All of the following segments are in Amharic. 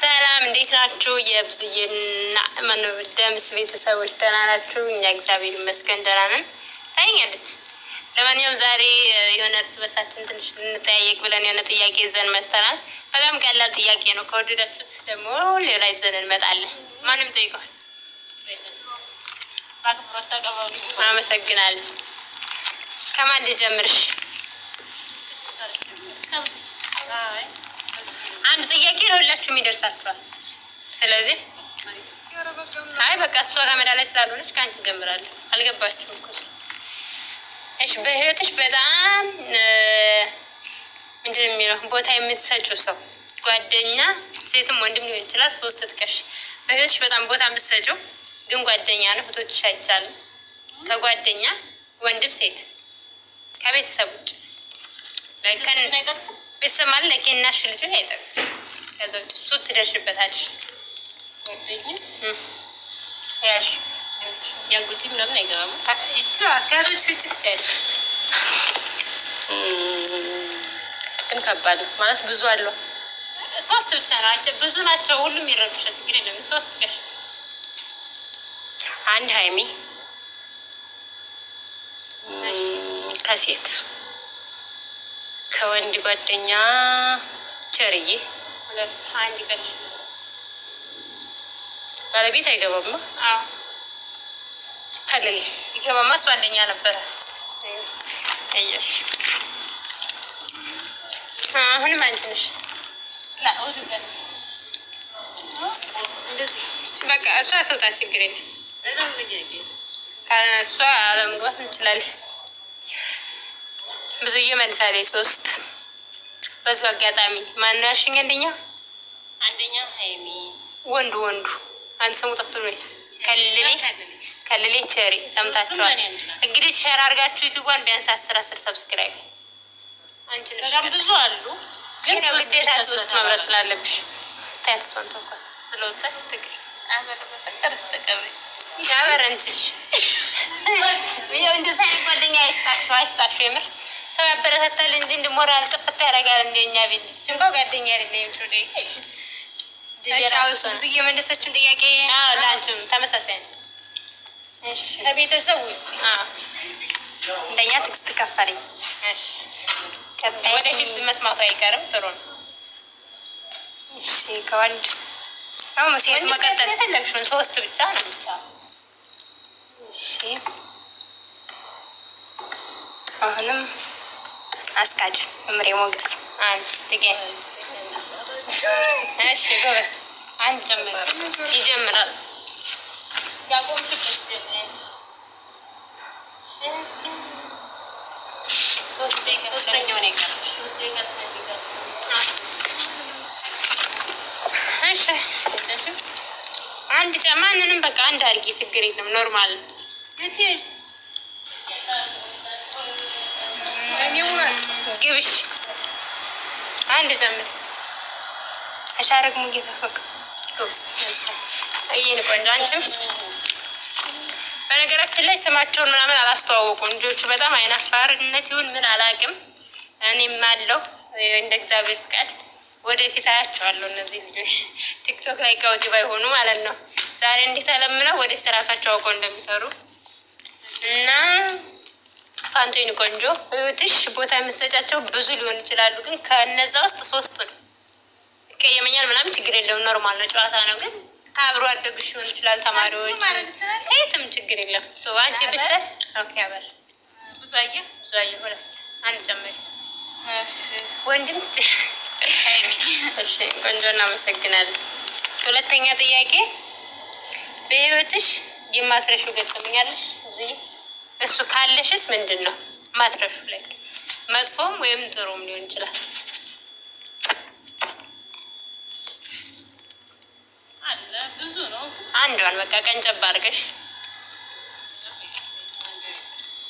ሰላም እንዴት ናችሁ? የብዙዬና ደምስ ቤተሰቦች ደህና ናችሁ? እኛ እግዚአብሔር ይመስገን ደህና ነን። ታይኛለች። ለማንኛውም ዛሬ የሆነ እርስ በሳችን ትንሽ ልንጠያየቅ ብለን የሆነ ጥያቄ ይዘን መጥተናል። በጣም ቀላል ጥያቄ ነው። ከወደዳችሁት ደግሞ ሌላ ይዘን እንመጣለን። ማንም ጠይቋል። አመሰግናለሁ። ከማን ልጀምርሽ? አንድ ጥያቄ ነው ሁላችሁም ይደርሳችኋል። ስለዚህ አይ በቃ እሷ ጋር መዳ ላይ ስላልሆነች ከአንቺ ጀምራለሁ። አልገባችሁም እኮ እሺ። በህይወትሽ በጣም ምንድን የሚለው ቦታ የምትሰጩ ሰው ጓደኛ፣ ሴትም ወንድም ሊሆን ይችላል። ሶስት ጥቀሽ። በህይወትሽ በጣም ቦታ የምትሰጩ ግን ጓደኛ ነው። ህቶች አይቻልም። ከጓደኛ ወንድም፣ ሴት ከቤተሰብ ውጭ ቤተሰብ ለኬናሽ ልጅን አይጠቅስ ከዛ ውጭ እሱ ትደርሽበታለሽ። ያሽ ያንጉልቲ ምናምን አይገባም። ይችላል ከያዞች ውጭ ስቻል ግን ከባድ ነው ማለት ብዙ አለው። ሶስት ብቻ ናቸው ብዙ ናቸው። ሁሉም ይረብሻል። ችግር የለም ሶስት ቀሽ አንድ ሀይሚ ከሴት ከወንድ ጓደኛ ቸርዬ ባለቤት አይገባማ ከልል ይገባማ። እሱ አንደኛ ነበረ። እየሽ አሁንም አንቺ ነሽ። በቃ እሷ አትወጣ፣ ችግር የለም። ከእሷ አለመግባት እንችላለን። ብዙዬ መልሳለች ሶስት። በዚሁ አጋጣሚ ማነው ያልሽኝ? አንደኛ አንደኛ ሀይሚ ወንዱ ወንዱ አንድ ስሙ ጠፍቶ ከልሌ ከልሌ ቸሪ ሰምታችኋል። እንግዲህ ሸር አድርጋችሁ ዩቱቧን ቢያንስ አስር አስር ሰብስክራይብ አንቺ በጣም ብዙ አሉ፣ ግን ግዴታ ሶስት መምረጥ ስላለብሽ ታያት እሷን ተውኳት። ስለወጣች ትግል አበር በፈቀር ስተቀበ ያበረንችሽ እንችሽ እንደዚህ አይነት ጓደኛ አይስጣችሁ፣ አይስጣችሁ የምር ሰው ያበረታታል እንጂ እንደ ሞራል ጥፍት ያደርጋል። እንደኛ ቤት ልጅ እንኳ ጓደኛ አይደለም። ብዙ እየመለሰችም ጥያቄ ለአንቺም ተመሳሳይ ነው። ከቤተሰብ ውጭ እንደኛ ትግስት ከፈለኝ ወደፊት መስማቱ አይቀርም። ጥሩ ነው። እሺ ከወንድ አሁን ሴት መቀጠል የፈለግሽውን ሶስት ብቻ ነው ብቻ እሺ አሁንም አስካድ እምሬ ሞገስ አንቺ ትገኝ። እሺ ጎበዝ። አንድ ጨምር። ይጀምራል አንድ ጫማ ማንንም በቃ አንድ አድርጊ፣ ችግር የለም ኖርማል የእውነት ግብሽ አንድ አሻረግ ይህን ቆንጆ አንቺም በነገራችን ላይ ስማቸውን ምናምን አላስተዋወቁም። ልጆቹ በጣም አይናፋርነት ይሁን ምን አላውቅም። እኔም አለው እንደ እግዚአብሔር ፍቃድ ወደፊት አያቸዋለሁ። እነዚህ ልጆች ቲክቶክ ላይ ቀውጢ ባይሆኑ ማለት ነው። ዛሬ እንዲህ ተለምነው ወደፊት ራሳቸው አውቀው እንደሚሰሩ እና ፋንቶኒ ቆንጆ ትሽ ቦታ የምሰጫቸው ብዙ ሊሆን ይችላሉ፣ ግን ከነዛ ውስጥ ሶስቱን ይቀየመኛል ምናምን ችግር የለም ኖርማል ነው፣ ጨዋታ ነው። ግን ከአብሮ አደግሽ ሊሆን ይችላል፣ ተማሪዎች ከየትም ችግር የለም። አንቺ ብቻ ብዙየ ብዙየ ሁለት አንድ ጨመሪ ወንድም ቆንጆ እናመሰግናለን። ሁለተኛ ጥያቄ በህይወትሽ የማትረሹ ገጠመኛለሽ? እሱ ካለሽስ ምንድን ነው ማትረፍ ላይ መጥፎም ወይም ጥሩም ሊሆን ይችላል። ብዙ ነው። አንዷን በቃ ቀንጨብ አድርገሽ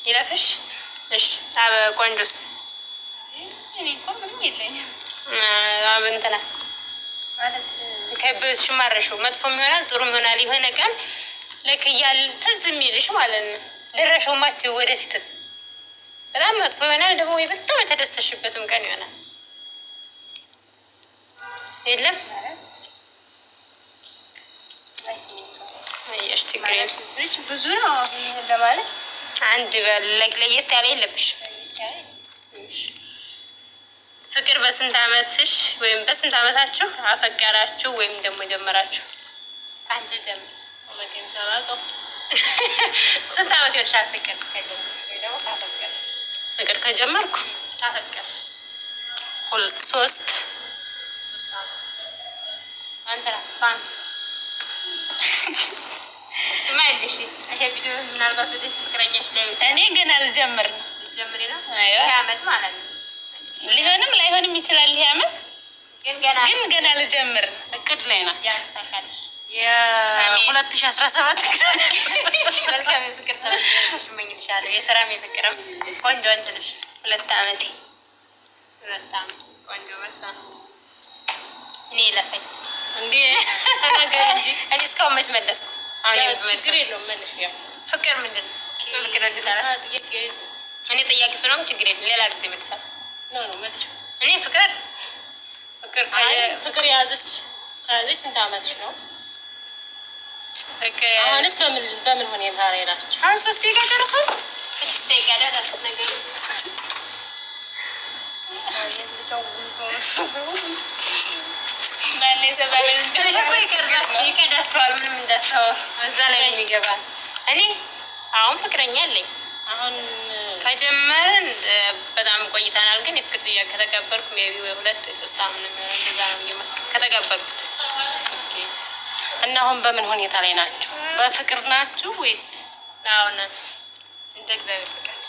ይለፍሽ። እሺ አበ ቆንጆስ ከብሽ ከብሽማረሹ መጥፎም ይሆናል ጥሩም ይሆናል። የሆነ ቀን ልክ እያለ ትዝ የሚልሽ ማለት ነው ልረሸው ማችው ወደፊትም በጣም መጥፎ ይሆናል። ደግሞ በጣም የተደሰሽበትም ቀን ይሆናል። የለም ሽ ችግር ብዙ ነው ለማለት አንድ በለግ ለየት ያለ የለብሽ። ፍቅር በስንት አመትሽ ወይም በስንት አመታችሁ አፈቀራችሁ ወይም ደግሞ ጀመራችሁ? አንቺ ጀምር ስንት ዓመት ይወልሻል? ፍቅር ፍቅር ከጀመርኩ ሁለት ሶስት እኔ ገና ልጀምር ነው ሊሆንም ላይሆንም ይችላል። ይህ ዓመት ግን ገና ልጀምር እቅድ ላይ ናት። የሁለት ሺህ አስራ ሰባት መልካም የፍቅር ሰዎች እመኝልሻለሁ። የስራም የፍቅርም ቆንጆ ወንድ ነሽ። ሁለት አመቴ ሁለት አመት ቆንጆ መልሳ እኔ ለፈኝ እንዴ ተናገር እንጂ እኔ እስካሁን መች መለስኩ? አሁን ችግር የለውም መልሽ። ያው ፍቅር ምንድን ነው? ፍቅር እንድታላ እኔ ጥያቄ ስለሆንኩ ችግር የለም። ሌላ ጊዜ መልሳለሁ። እኔ ፍቅር ፍቅር ፍቅር የያዘች ከያዘች ስንት አመትሽ ነው? አሁንስ በምን በምን ሆነ ታሪ ናቸው። አሁን ሶስት ደቂቃ ደርሷል። ስድስት ደቂቃ ደረስ ነገር ይቀዳቸዋል። ምንም እንዳታው እዛ ላይ ምን ይገባል? እኔ አሁን ፍቅረኛ አለኝ። አሁን ከጀመርን በጣም ቆይተናል፣ ግን የፍቅር ጥያቄ ከተቀበልኩ ቢ ሁለት ወይ ሶስት አመት ነው የሚሆነው። ከተቀበልኩት እና አሁን በምን ሁኔታ ላይ ናችሁ? በፍቅር ናችሁ ወይስ አሁን እንደ እግዚአብሔር ፍቃድ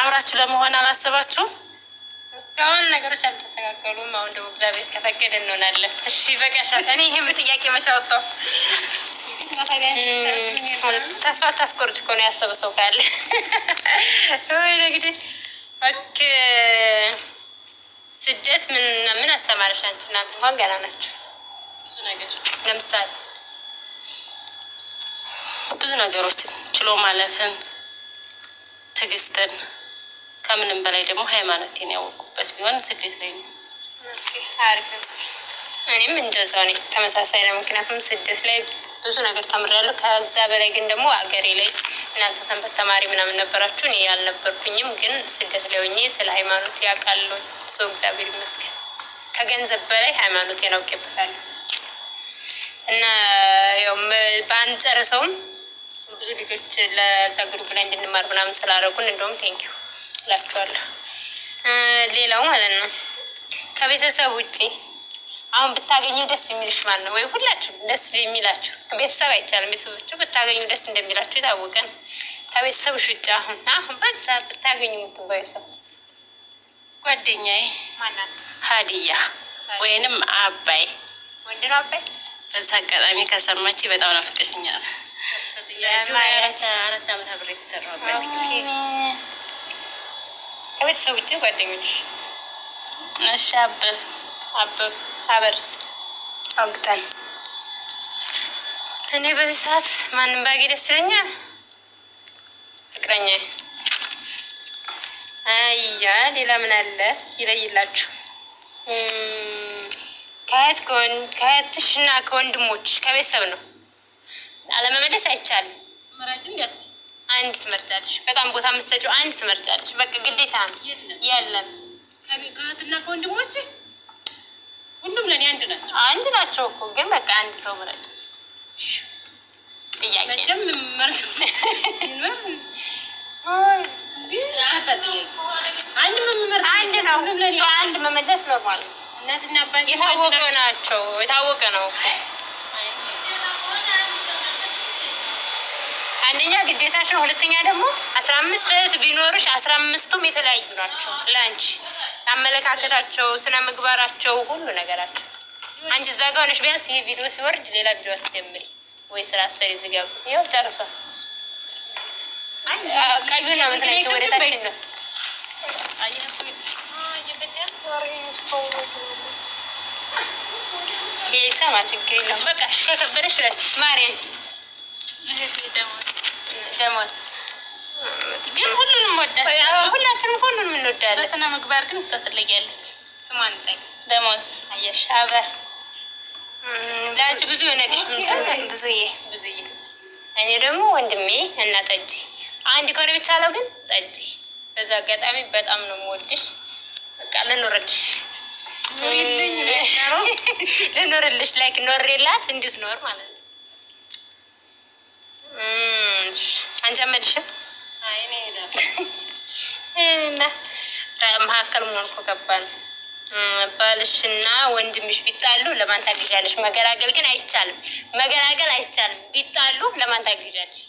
አብራችሁ ለመሆን አላሰባችሁ? እስካሁን ነገሮች አልተስተካከሉም። አሁን ደግሞ እግዚአብሔር ከፈቀደ እንሆናለን። እሺ በቃሻ። እኔ ይህም ጥያቄ መቼ አወጣው? ተስፋ ታስቆርጥ እኮ ነው ያሰበ ሰው ካለ ወይ እንግዲህ ስደት ምን ምን አስተማረሽ አንቺ? እናንተ እንኳን ገና ናቸው? ብዙ ነገር ለምሳሌ ብዙ ነገሮችን ችሎ ማለፍን፣ ትዕግስትን ከምንም በላይ ደግሞ ሃይማኖቴን ያወቁበት ቢሆን ስደት ላይ ነው። እኔም እንደዛው ነኝ፣ ተመሳሳይ ነው። ምክንያቱም ስደት ላይ ብዙ ነገር ተምሬያለሁ። ከዛ በላይ ግን ደግሞ አገሬ ላይ እናንተ ሰንበት ተማሪ ምናምን ነበራችሁ፣ እኔ ያልነበርኩኝም። ግን ስደት ላይ ሆኜ ስለ ሃይማኖት ያውቃለሁ ሰው እግዚአብሔር ይመስገን። ከገንዘብ በላይ ሃይማኖቴን አውቄበታለሁ። እና ያው ባንጨርሰውም ብዙ ልጆች ለዛ ግሩፕ ላይ እንድንማር ምናምን ስላደረጉን እንደውም ቴንኪዩ እላችኋለሁ። ሌላው ማለት ነው ከቤተሰብ ውጭ አሁን ብታገኘው ደስ የሚልሽ ማለት ነው ወይ ሁላችሁ ደስ የሚላችሁ ቤተሰብ አይቻልም። ቤተሰቦቹ ብታገኙ ደስ እንደሚላችሁ የታወቀ ነው። ከቤተሰብሽ ውጭ አሁን አሁን በዛ ብታገኙ የምትባዩ ሰው ጓደኛዬ ሀዲያ ወይንም አባይ ወንድ ነው አባይ በዛ አጋጣሚ ከሰማች በጣም ናፍቀሽኛል። አራት ዓመት አብሬ የተሰራው ጓደኞች እሺ አበብ አበብ አበርስ አውግጠን እኔ በዚህ ሰዓት ማንም ባጌ ደስ ይለኛል። ፍቅረኛ አያ ሌላ ምን አለ ይለይላችሁ። ከእህት ከእህትሽና ከወንድሞች ከቤተሰብ ነው። አለመመለስ አይቻልም። አንድ ትመርጫለሽ። በጣም ቦታ የምትሰጪው አንድ ትመርጫለሽ። በቃ ግዴታ ነው። የለም ከእህትና ከወንድሞች ሁሉም ለእኔ አንድ ናቸው። አንድ ናቸው እኮ ግን በቃ አንድ ሰው ምረጭ። ጥያቄ መቼም አንድ መመለስ ኖርማል ነው። እናትና አባት የታወቀ ናቸው። የታወቀ ነው። አንደኛ ግዴታችን፣ ሁለተኛ ደግሞ አስራ አምስት እህት ቢኖርሽ አስራ አምስቱም የተለያዩ ናቸው። ለአንቺ አመለካከታቸው፣ ስነ ምግባራቸው፣ ሁሉ ነገራቸው አንቺ እዛ ጋ ሆነሽ ቢያንስ ይሄ ቪዲዮ ሲወርድ ሌላ ቪዲዮ አስጀምሪ ወይ ስራ አሰሪ ዝጋ። ይኸው ጨርሷል። ቀዩን ምንትናቸው ወደታችን ነው ይሰማ ችግር የለውም። በቃ እሺ፣ ከከበደሽ ደሞዝ ግን ሁሉንም ወዳት ሁላችንም ሁሉንም እንወዳለን። በስነ ምግባር ግን እሷ ትለያለች። ስሟን ደሞዝ አየሽ አበር ላንቺ ብዙ የሆነልሽ ብዙዬ ብዙዬ እኔ ደግሞ ወንድሜ እና ጠጅ አንድ ከሆነ ብቻ አለው ግን ጠጅ በዛ አጋጣሚ በጣም ነው የምወድሽ በቃ ልኖርልሽ ልኖርልሽ ላይክ ኖሬላት እንድትኖር ማለት ነው። አንቺ አትመልሽም መካከል ገባን። ባልሽና ወንድምሽ ቢጣሉ ለማን ታግዣለሽ? መገላገል ግን አይቻልም። መገላገል አይቻልም። ቢጣሉ ለማን ታግዣለሽ?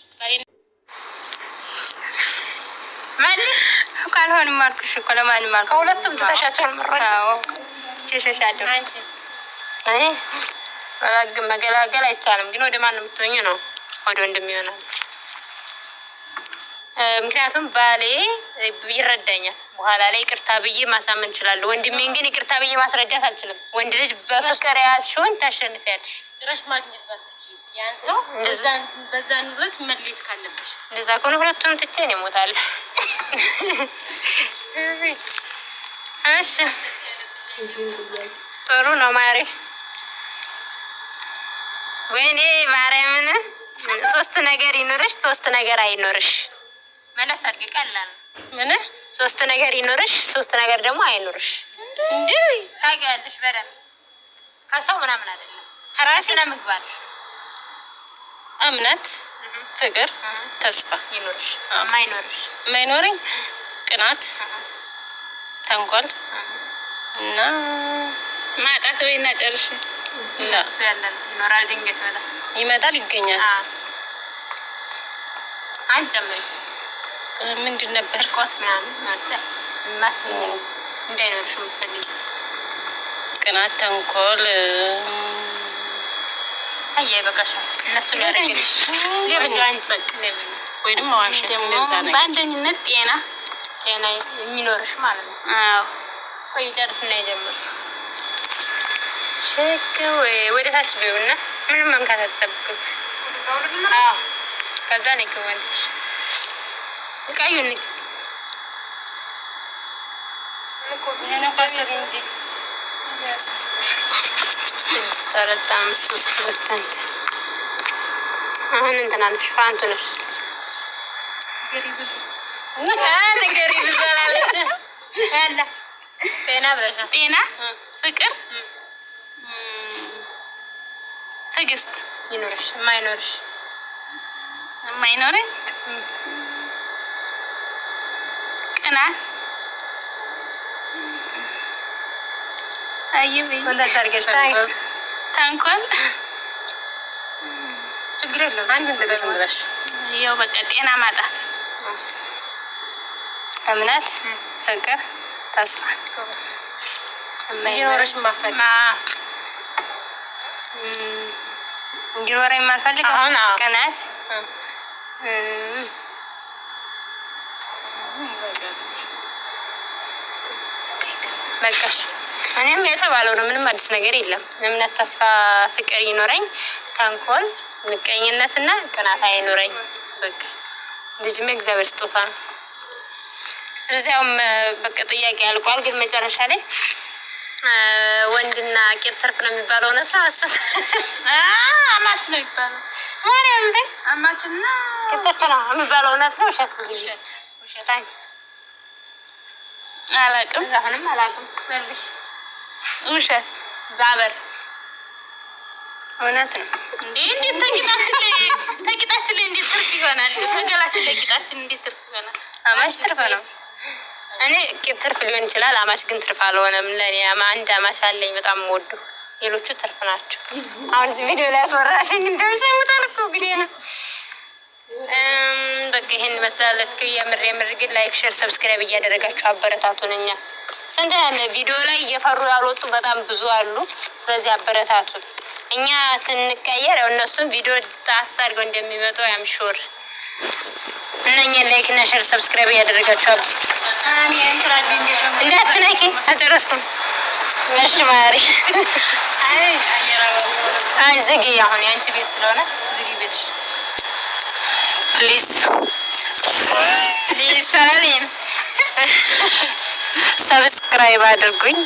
ካልሆን አልኩሽ እኮ ለማንም አልኩሽ። ሁለቱም አንቺስ? አይ ትተሻቸው መገላገል አይቻልም፣ ግን ወደ ማን ነው የምትሆኝ? ነው ወደ ወንድም ይሆናል። ምክንያቱም ባሌ ይረዳኛል። በኋላ ላይ ይቅርታ ብዬ ማሳመን እችላለሁ። ወንድሜን ግን ይቅርታ ብዬ ማስረዳት አልችልም። ወንድ ልጅ በፍቅር ያዝሽውን ታሸንፊያለሽ። ጥረሽ ማግኘት ባትችይስ ያን ሰው እዛን በዛን ውበት መሌት ካለብሽስ? እዛ ከሆነ ሁለቱም ትቼ ነው እሞታለሁ። እሺ ጥሩ ነው ማሬ። ወይኔ ማርያምን፣ ሶስት ነገር ይኖርሽ፣ ሶስት ነገር አይኖርሽ። መለስ አድርጊ። ቀላል ምን? ሶስት ነገር ይኖርሽ፣ ሶስት ነገር ደግሞ አይኖርሽ። እንዴ ታውቂያለሽ በደምብ ከሰው ምናምን አይደለም ራስ ስነ ምግባር እምነት፣ ፍቅር፣ ተስፋ ይኖርሽ። ማይኖርሽ ማይኖርኝ፣ ቅናት፣ ተንኮል እና ማጣት ወይ እና ጨርሽ ይኖራል። ድንገት ይመጣል ይመጣል ይገኛል። አንድ ምንድን ነበር? ስርቆት ምናምን እንዳይኖርሽ ምፈልግ ቅናት፣ ተንኮል አያ ይበቃሻል። እነሱን በአንደኝነት ጤና ጤና የሚኖርሽ ማለት ነው። ቆይ ጨርስና ይጀምር ሸክ ወደ ታች ቢውና ምንም መንካት አትጠብቅም። ከዛ ነ ወንት ቃዩ ስድስት አራት አምስት ሶስት ሁለት አንድ አሁን እንትና ነሽ ፋንቱ ነሽ ነገር ይብዛላለች። ያለ ጤና ጤና፣ ፍቅር፣ ትዕግስት ይኖርሽ የማይኖርሽ የማይኖረኝ ቅና ታንኳል ችግር የለውም። ያው በቃ ጤና ማጣት፣ እምነት፣ ፍቅር፣ ተስፋ እንዲኖረ የማልፈልግ ቅናት፣ በቃሽ እኔም የተባለው ነው። ምንም አዲስ ነገር የለም። እምነት፣ ተስፋ፣ ፍቅር ይኖረኝ። ተንኮል፣ ምቀኝነትና ቅናት አይኖረኝ። በቃ ልጅም እግዚአብሔር ስጦታ ነው። ስለዚህ አሁን በቃ ጥያቄ ያልቋል። ግን መጨረሻ ላይ ወንድና ቄብ ተርፍ ነው የሚባለው እውነት ነው። አስስ አማች ነው የሚባለው ማርያም ቤ አማችና ቄብ ተርፍ ነው የሚባለው እውነት ነው። ውሸት ብዙ ውሸት ውሸት አንቺስ አላውቅም። አሁንም አላውቅም። ውሸት ባበር እውነት ነው እንዴት ተቂጣችን ላይ ተቂጣችን ላይ እንዴት ትርፍ ይሆናል? ተገላችን ላይ እንዴት ትርፍ ይሆናል? አማሽ ትርፍ ነው። እኔ ቂጥ ትርፍ ሊሆን ይችላል፣ አማሽ ግን ትርፍ አልሆነም። ለእኔ አንድ አማሽ አለኝ በጣም ወዱ፣ ሌሎቹ ትርፍ ናቸው። አሁን እዚህ ቪዲዮ ላይ ያስወራሽኝ እንደምሰሙት አልኩ ግዴ ነው በቃ ይህን ይመስላል። እስኪ የምር የምር ግን ላይክ፣ ሼር፣ ሰብስክራይብ እያደረጋችሁ አበረታቱን። እኛ ስንት ያለ ቪዲዮ ላይ እየፈሩ ያልወጡ በጣም ብዙ አሉ። ስለዚህ አበረታቱን። እኛ ስንቀየር እነሱም ቪዲዮ አሳድገው እንደሚመጡ ያምሹር እና እኛን ላይክ እና ሼር ሰብስክራይብ እያደረጋችሁ እንዳትነኪ። አጨረስኩም። እሺ ማሪ አይ ዝጊ። አሁን የአንቺ ቤት ስለሆነ ዝጊ ቤትሽ ፕሊዝ ሰብስክራይብ አድርጉኝ።